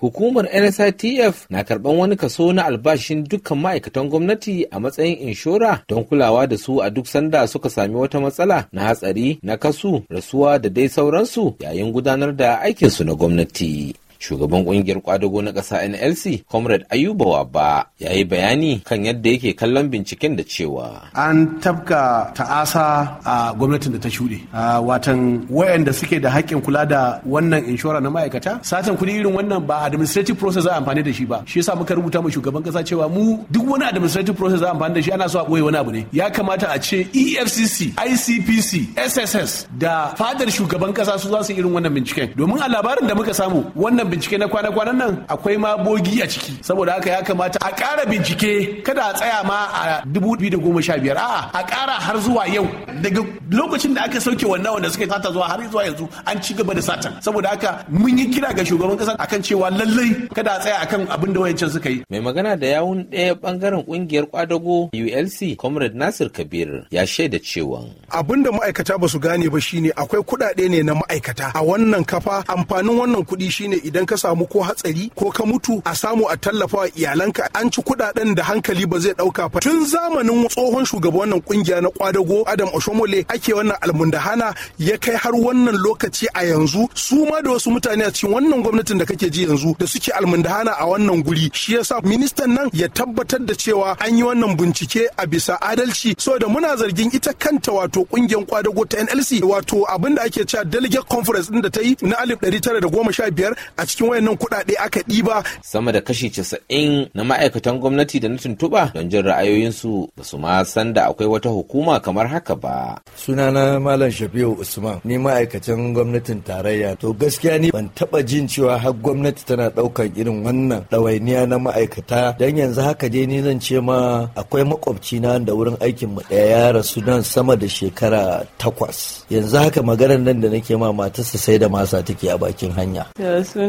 Hukumar NSITF na karɓan wani kaso na albashin dukkan ma'aikatan gwamnati a matsayin inshora don kulawa da su a duk sanda suka sami wata matsala na hatsari, na kasu, rasuwa da dai sauransu yayin gudanar da aikinsu na gwamnati. shugaban kungiyar kwadago na ƙasa nlc comrade ayuba ba ya yi bayani kan yadda yake kallon binciken da cewa an tabka ta'asa a gwamnatin da ta shuɗe watan wayanda suke da haƙƙin kula da wannan inshora na ma'aikata satan kuɗi irin wannan ba administrative process za a amfani da shi ba shi yasa muka rubuta mu shugaban ƙasa cewa mu duk wani administrative process za a amfani da shi ana so a ɓoye wani abu ne ya kamata a ce efcc icpc sss da fadar shugaban kasa su za su irin wannan binciken domin a labarin da muka samu wannan wannan bincike na kwana-kwanan nan akwai ma bogi a ciki saboda haka ya kamata a ƙara bincike kada a tsaya ma a 2015 a'a a ƙara har zuwa yau daga lokacin da aka sauke wannan wanda suka sata zuwa har zuwa yanzu an ci gaba da satan saboda haka mun yi kira ga shugaban kasa akan cewa lallai kada a tsaya akan abin da wayancin suka yi mai magana da yawun ɗaya bangaren kungiyar kwadago ULC Comrade Nasir Kabir ya shaida cewa abin da ma'aikata ba su gane ba shine akwai kuɗaɗe ne na ma'aikata a wannan kafa amfanin wannan kuɗi shine idan idan ka samu ko hatsari ko ka mutu a samu a tallafa iyalanka an ci kuɗaɗen da hankali ba zai ɗauka ba tun zamanin tsohon shugaban wannan kungiya na kwadago Adam Oshomole ake wannan almundahana ya kai har wannan lokaci a yanzu su ma da wasu mutane a cikin wannan gwamnatin da kake ji yanzu da suke almundahana a wannan guri shi yasa ministan nan ya tabbatar da cewa an yi wannan bincike a bisa adalci saboda muna zargin ita kanta wato kungiyar kwadago ta NLC wato abin da ake cewa delegate conference din da ta yi na alif ɗari tara da goma sha biyar a cikin wayannan kuɗaɗe aka ɗiba. Sama da kashi casa'in na ma'aikatan gwamnati da na tuntuɓa don jin ra'ayoyinsu ba su ma san da akwai wata hukuma kamar haka ba. Sunana Malam Shafiu Usman ni ma'aikacin gwamnatin tarayya to gaskiya ni ban taɓa jin cewa har gwamnati tana ɗaukar irin wannan ɗawainiya na ma'aikata don yanzu haka dai ni zan ce ma akwai makwabci na da wurin aikin mu ɗaya ya rasu nan sama da shekara takwas yanzu haka maganar nan da nake ma matarsa sai da masa take a bakin hanya.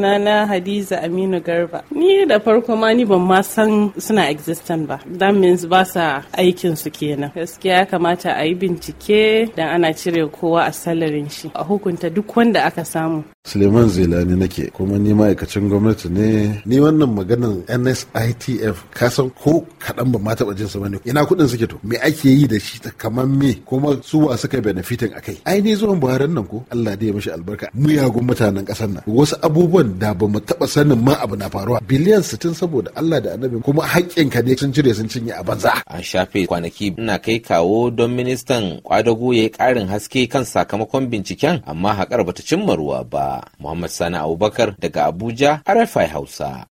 sunana Hadiza Aminu Garba. Ni da farko ma ni ban ma san suna existent ba. That means ba sa aikin su kenan. Gaskiya ya kamata a yi bincike dan ana cire kowa a salarin shi. A hukunta duk wanda aka samu. Suleiman Zelani nake kuma ni ma'aikacin gwamnati ne. Ni wannan maganan NSITF kasan ko kaɗan ba ma taɓa jin ba ne. Ina kuɗin suke to? Me ake yi da shi ta kamar me kuma su wa suka benefitin akai? Ai ni zuwan Buhari nan ko Allah dai ya mashi albarka. Muyagun mutanen ƙasar nan. Wasu abubuwan da ba mu taɓa sanin ma abu na faruwa biliyan sittin saboda Allah da annabi kuma ka ne sun cire sun cinye a banza. An shafe kwanaki ina kai kawo don ministan kwadago ya yi ƙarin haske kan sakamakon binciken amma haƙar bata cimma ruwa ba. Muhammad Sani Abubakar daga Abuja, RFI Hausa.